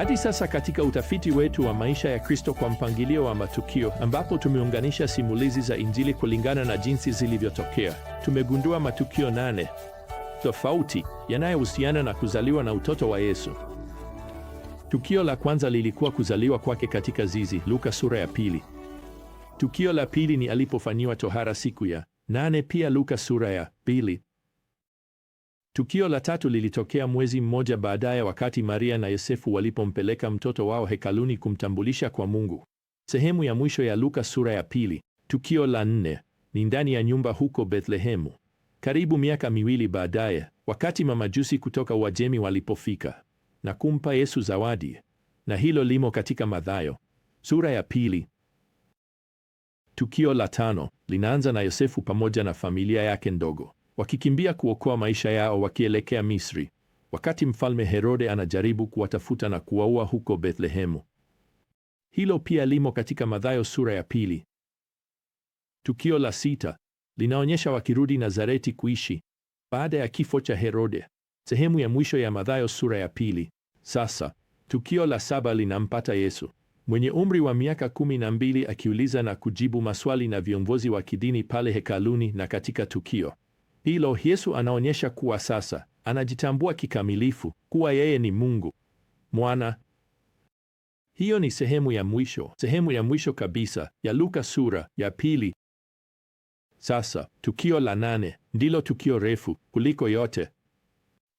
Hadi sasa katika utafiti wetu wa maisha ya Kristo kwa mpangilio wa matukio, ambapo tumeunganisha simulizi za Injili kulingana na jinsi zilivyotokea, tumegundua matukio nane tofauti yanayohusiana na kuzaliwa na utoto wa Yesu. Tukio la kwanza lilikuwa kuzaliwa kwake katika zizi, Luka sura ya pili. Tukio la pili ni alipofanyiwa tohara siku ya nane, pia Luka sura ya pili. Tukio la tatu lilitokea mwezi mmoja baadaye, wakati Maria na Yosefu walipompeleka mtoto wao hekaluni kumtambulisha kwa Mungu. Sehemu ya mwisho ya Luka sura ya pili. Tukio la nne ni ndani ya nyumba huko Bethlehemu. Karibu miaka miwili baadaye, wakati mamajusi kutoka Uajemi walipofika na kumpa Yesu zawadi, na hilo limo katika Mathayo sura ya pili. Tukio la tano linaanza na Yosefu pamoja na familia yake ndogo wakikimbia kuokoa maisha yao wakielekea Misri, wakati mfalme Herode anajaribu kuwatafuta na kuwaua huko Bethlehemu. Hilo pia limo katika Mathayo sura ya pili. Tukio la sita linaonyesha wakirudi Nazareti kuishi baada ya kifo cha Herode, sehemu ya mwisho ya Mathayo sura ya pili. Sasa tukio la saba linampata Yesu mwenye umri wa miaka kumi na mbili akiuliza na kujibu maswali na viongozi wa kidini pale hekaluni na katika tukio hilo, Yesu anaonyesha kuwa sasa anajitambua kikamilifu kuwa yeye ni Mungu Mwana. Hiyo ni sehemu ya mwisho, sehemu ya mwisho kabisa ya Luka sura ya pili. Sasa tukio la nane ndilo tukio refu kuliko yote.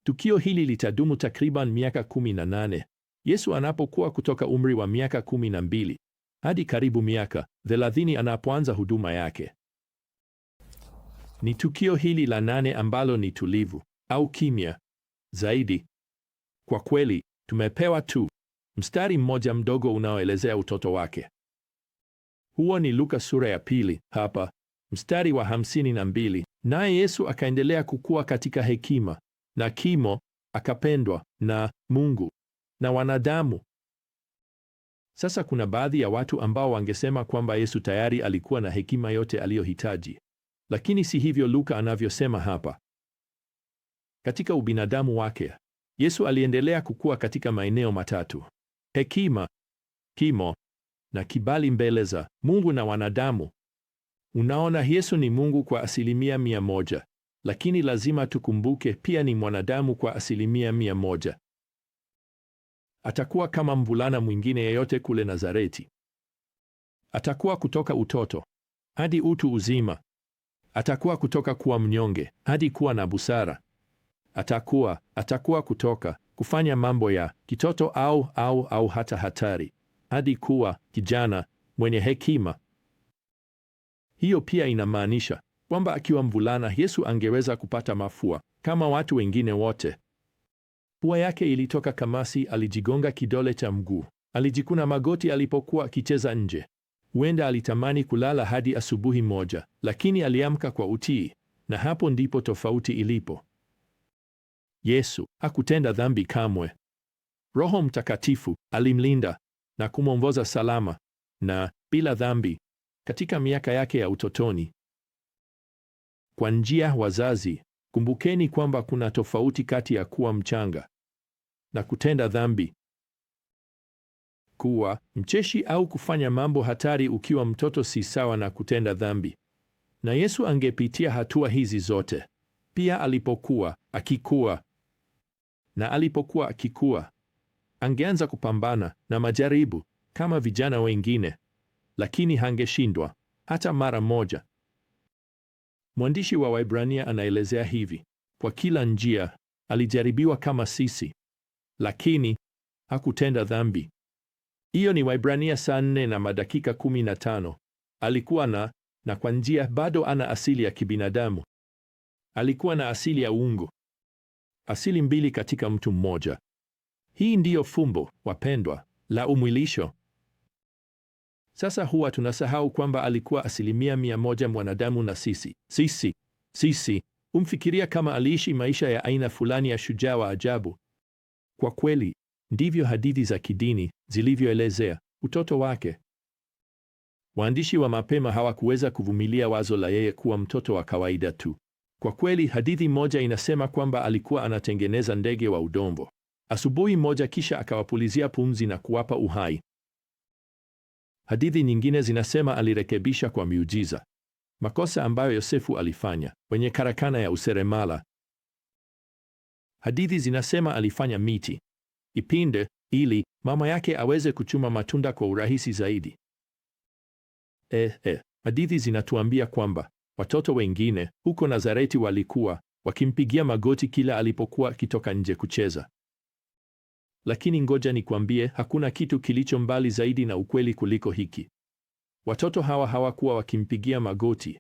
Tukio hili litadumu takriban miaka kumi na nane Yesu anapokuwa kutoka umri wa miaka kumi na mbili hadi karibu miaka thelathini anapoanza huduma yake. Ni tukio hili la nane ambalo ni tulivu au kimya zaidi. Kwa kweli, tumepewa tu mstari mmoja mdogo unaoelezea utoto wake. Huo ni Luka sura ya pili hapa mstari wa hamsini na mbili. Naye Yesu akaendelea kukua katika hekima na kimo, akapendwa na Mungu na wanadamu. Sasa kuna baadhi ya watu ambao wangesema kwamba Yesu tayari alikuwa na hekima yote aliyohitaji lakini si hivyo Luka anavyosema hapa. Katika ubinadamu wake, Yesu aliendelea kukua katika maeneo matatu: hekima, kimo na kibali mbele za Mungu na wanadamu. Unaona, Yesu ni Mungu kwa asilimia mia moja, lakini lazima tukumbuke pia ni mwanadamu kwa asilimia mia moja. Atakuwa kama mvulana mwingine yeyote kule Nazareti. Atakuwa kutoka utoto hadi utu uzima. Atakuwa kutoka kuwa mnyonge hadi kuwa na busara. Atakuwa atakuwa kutoka kufanya mambo ya kitoto au au au hata hatari hadi kuwa kijana mwenye hekima. Hiyo pia inamaanisha kwamba akiwa mvulana Yesu angeweza kupata mafua kama watu wengine wote. Pua yake ilitoka kamasi, alijigonga kidole cha mguu, alijikuna magoti alipokuwa akicheza nje, Huenda alitamani kulala hadi asubuhi moja, lakini aliamka kwa utii, na hapo ndipo tofauti ilipo. Yesu hakutenda dhambi kamwe. Roho Mtakatifu alimlinda na kumwongoza salama na bila dhambi katika miaka yake ya utotoni. Kwa njia, wazazi, kumbukeni kwamba kuna tofauti kati ya kuwa mchanga na kutenda dhambi kuwa mcheshi au kufanya mambo hatari ukiwa mtoto si sawa na kutenda dhambi. Na Yesu angepitia hatua hizi zote pia alipokuwa akikua. Na alipokuwa akikua, angeanza kupambana na majaribu kama vijana wengine, lakini hangeshindwa hata mara moja. Mwandishi wa Waibrania anaelezea hivi: kwa kila njia alijaribiwa kama sisi, lakini hakutenda dhambi. Hiyo ni Waibrania saa nne na madakika kumi na tano. Alikuwa na na kwa njia bado ana asili ya kibinadamu. Alikuwa na asili ya uungu, asili mbili katika mtu mmoja. Hii ndiyo fumbo, wapendwa, la umwilisho. Sasa huwa tunasahau kwamba alikuwa asilimia mia moja mwanadamu, na sisi sisi sisi umfikiria kama aliishi maisha ya aina fulani ya shujaa wa ajabu. Kwa kweli Ndivyo hadithi za kidini zilivyoelezea utoto wake. Waandishi wa mapema hawakuweza kuvumilia wazo la yeye kuwa mtoto wa kawaida tu. Kwa kweli, hadithi moja inasema kwamba alikuwa anatengeneza ndege wa udongo asubuhi moja, kisha akawapulizia pumzi na kuwapa uhai. Hadithi nyingine zinasema alirekebisha kwa miujiza makosa ambayo Yosefu alifanya kwenye karakana ya useremala. Hadithi zinasema alifanya miti ipinde ili mama yake aweze kuchuma matunda kwa urahisi zaidi. Eh, eh, hadithi zinatuambia kwamba watoto wengine huko Nazareti walikuwa wakimpigia magoti kila alipokuwa akitoka nje kucheza. Lakini ngoja nikwambie, hakuna kitu kilicho mbali zaidi na ukweli kuliko hiki. Watoto hawa hawakuwa wakimpigia magoti.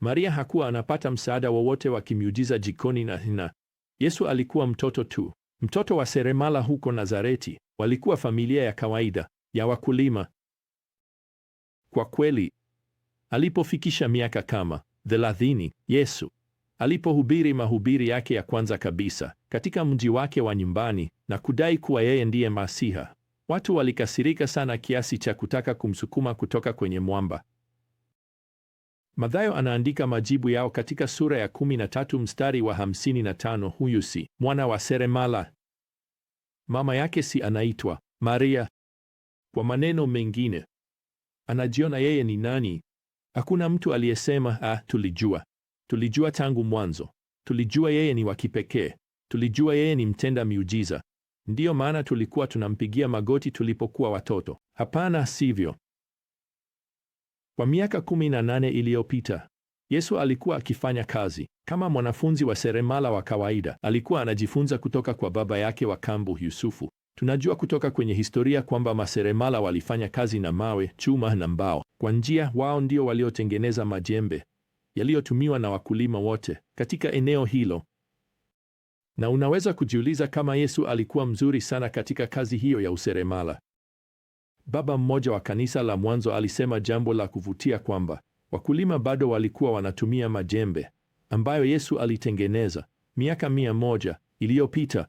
Maria hakuwa anapata msaada wowote wa, wa kimiujiza jikoni na na Yesu alikuwa mtoto tu mtoto wa seremala huko Nazareti. Walikuwa familia ya kawaida ya wakulima kwa kweli. Alipofikisha miaka kama thelathini, Yesu alipohubiri mahubiri yake ya kwanza kabisa katika mji wake wa nyumbani na kudai kuwa yeye ndiye Masiha, watu walikasirika sana kiasi cha kutaka kumsukuma kutoka kwenye mwamba. Mathayo anaandika majibu yao katika sura ya 13 mstari wa 55. Huyu si mwana wa seremala, mama yake si anaitwa Maria. Kwa maneno mengine, anajiona yeye ni nani? Hakuna mtu aliyesema ah, tulijua, tulijua tangu mwanzo, tulijua yeye ni wa kipekee, tulijua yeye ni mtenda miujiza, ndiyo maana tulikuwa tunampigia magoti tulipokuwa watoto. Hapana, sivyo. Kwa miaka kumi na nane iliyopita Yesu alikuwa akifanya kazi kama mwanafunzi wa seremala wa kawaida. Alikuwa anajifunza kutoka kwa baba yake wa kambo Yusufu. Tunajua kutoka kwenye historia kwamba maseremala walifanya kazi na mawe, chuma na mbao. Kwa njia, wao ndio waliotengeneza majembe yaliyotumiwa na wakulima wote katika eneo hilo. Na unaweza kujiuliza kama Yesu alikuwa mzuri sana katika kazi hiyo ya useremala. Baba mmoja wa kanisa la mwanzo alisema jambo la kuvutia kwamba wakulima bado walikuwa wanatumia majembe ambayo Yesu alitengeneza miaka mia moja iliyopita.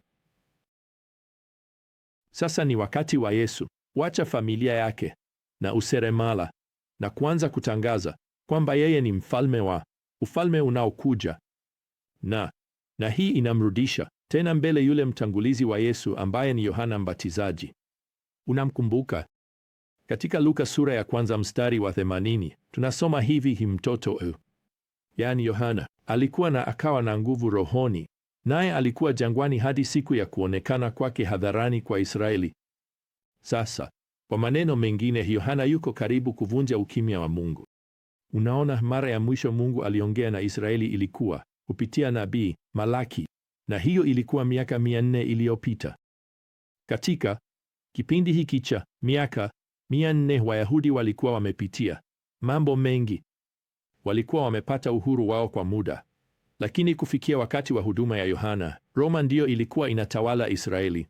Sasa ni wakati wa Yesu wacha familia yake na useremala na kuanza kutangaza kwamba yeye ni mfalme wa ufalme unaokuja, na na hii inamrudisha tena mbele yule mtangulizi wa Yesu ambaye ni Yohana Mbatizaji. Unamkumbuka? Katika Luka sura ya kwanza mstari wa 80 tunasoma hivi, hi mtoto u yaani Yohana alikuwa na akawa na nguvu rohoni, naye alikuwa jangwani hadi siku ya kuonekana kwake hadharani kwa Israeli. Sasa kwa maneno mengine, Yohana yuko karibu kuvunja ukimya wa Mungu. Unaona, mara ya mwisho Mungu aliongea na Israeli ilikuwa kupitia nabii Malaki, na hiyo ilikuwa miaka mia nne iliyopita. Katika kipindi hiki cha miaka mia nne Wayahudi walikuwa wamepitia mambo mengi. Walikuwa wamepata uhuru wao kwa muda, lakini kufikia wakati wa huduma ya Yohana, Roma ndiyo ilikuwa inatawala Israeli.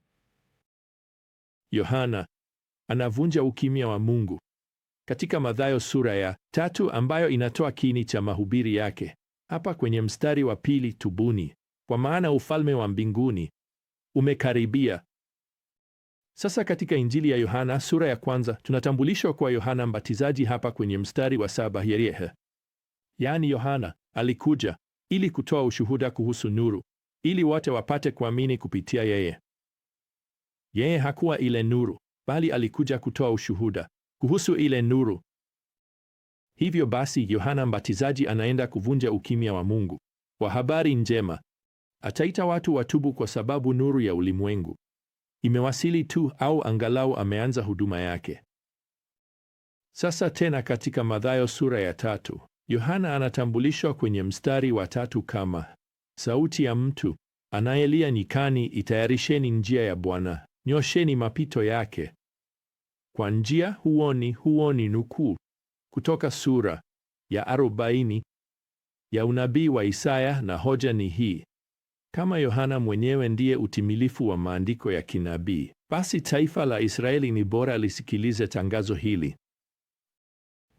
Yohana anavunja ukimya wa Mungu katika Mathayo sura ya tatu ambayo inatoa kini cha mahubiri yake. Hapa kwenye mstari wa pili, tubuni kwa maana ufalme wa mbinguni umekaribia. Sasa katika Injili ya Yohana sura ya kwanza tunatambulishwa kwa Yohana Mbatizaji hapa kwenye mstari wa saba yerehe, yaani Yohana alikuja ili kutoa ushuhuda kuhusu nuru, ili wote wapate kuamini kupitia yeye. Yeye hakuwa ile nuru, bali alikuja kutoa ushuhuda kuhusu ile nuru. Hivyo basi, Yohana Mbatizaji anaenda kuvunja ukimya wa Mungu wa habari njema. Ataita watu watubu kwa sababu nuru ya ulimwengu imewasili tu au angalau ameanza huduma yake. Sasa tena katika Mathayo sura ya tatu, Yohana anatambulishwa kwenye mstari wa tatu kama sauti ya mtu anayelia nyikani, itayarisheni njia ya Bwana, nyosheni mapito yake. Kwa njia huoni huoni, nukuu kutoka sura ya arobaini ya unabii wa Isaya, na hoja ni hii: kama Yohana mwenyewe ndiye utimilifu wa maandiko ya kinabii, basi taifa la Israeli ni bora lisikilize tangazo hili.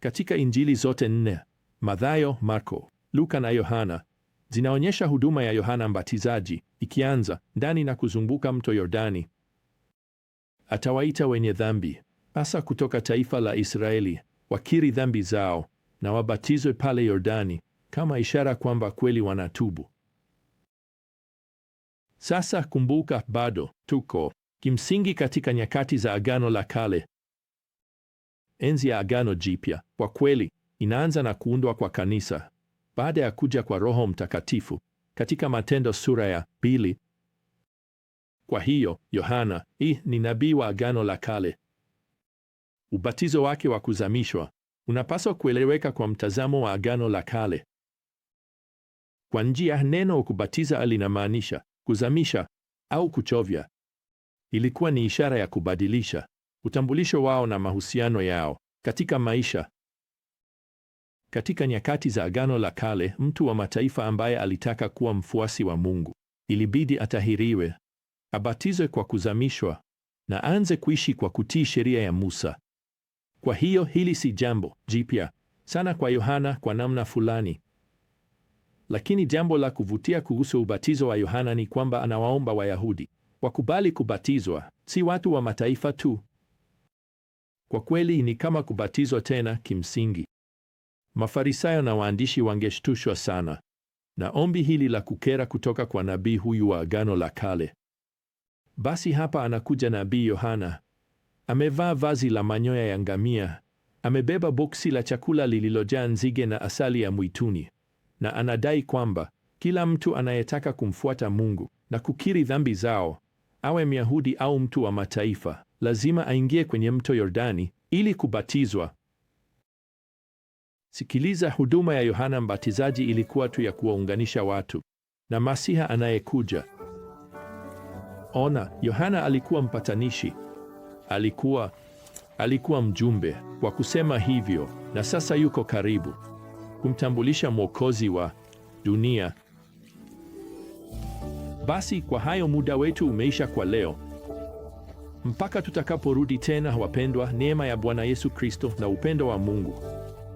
Katika Injili zote nne, Mathayo, Marko, Luka na Yohana, zinaonyesha huduma ya Yohana Mbatizaji ikianza ndani na kuzunguka mto Yordani. Atawaita wenye dhambi, hasa kutoka taifa la Israeli, wakiri dhambi zao na wabatizwe pale Yordani kama ishara kwamba kweli wanatubu. Sasa kumbuka, bado tuko kimsingi katika nyakati za Agano la Kale. Enzi ya Agano Jipya kwa kweli inaanza na kuundwa kwa kanisa baada ya kuja kwa Roho Mtakatifu katika Matendo sura ya pili. Kwa hiyo Yohana i ni nabii wa Agano la Kale. Ubatizo wake wa kuzamishwa unapaswa kueleweka kwa mtazamo wa Agano la Kale. Kwa njia neno kubatiza alinamaanisha kuzamisha au kuchovya. Ilikuwa ni ishara ya kubadilisha utambulisho wao na mahusiano yao katika maisha. Katika nyakati za Agano la Kale, mtu wa mataifa ambaye alitaka kuwa mfuasi wa Mungu ilibidi atahiriwe, abatizwe kwa kuzamishwa na aanze kuishi kwa kutii sheria ya Musa. Kwa hiyo hili si jambo jipya sana kwa Yohana kwa namna fulani. Lakini jambo la kuvutia kuhusu ubatizo wa Yohana ni kwamba anawaomba Wayahudi wakubali kubatizwa, si watu wa mataifa tu. Kwa kweli ni kama kubatizwa tena kimsingi. Mafarisayo na waandishi wangeshtushwa sana na ombi hili la kukera kutoka kwa nabii huyu wa Agano la Kale. Basi hapa anakuja nabii Yohana, amevaa vazi la manyoya ya ngamia, amebeba boksi la chakula lililojaa nzige na asali ya mwituni, na anadai kwamba kila mtu anayetaka kumfuata Mungu na kukiri dhambi zao, awe Myahudi au mtu wa mataifa, lazima aingie kwenye mto Yordani ili kubatizwa. Sikiliza, huduma ya Yohana Mbatizaji ilikuwa tu ya kuwaunganisha watu na Masiha anayekuja. Ona, Yohana alikuwa mpatanishi, alikuwa alikuwa mjumbe, kwa kusema hivyo, na sasa yuko karibu kumtambulisha mwokozi wa dunia. Basi kwa hayo, muda wetu umeisha kwa leo. Mpaka tutakaporudi tena, wapendwa, neema ya Bwana Yesu Kristo na upendo wa Mungu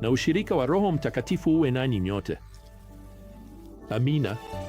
na ushirika wa Roho Mtakatifu uwe nanyi nyote. Amina.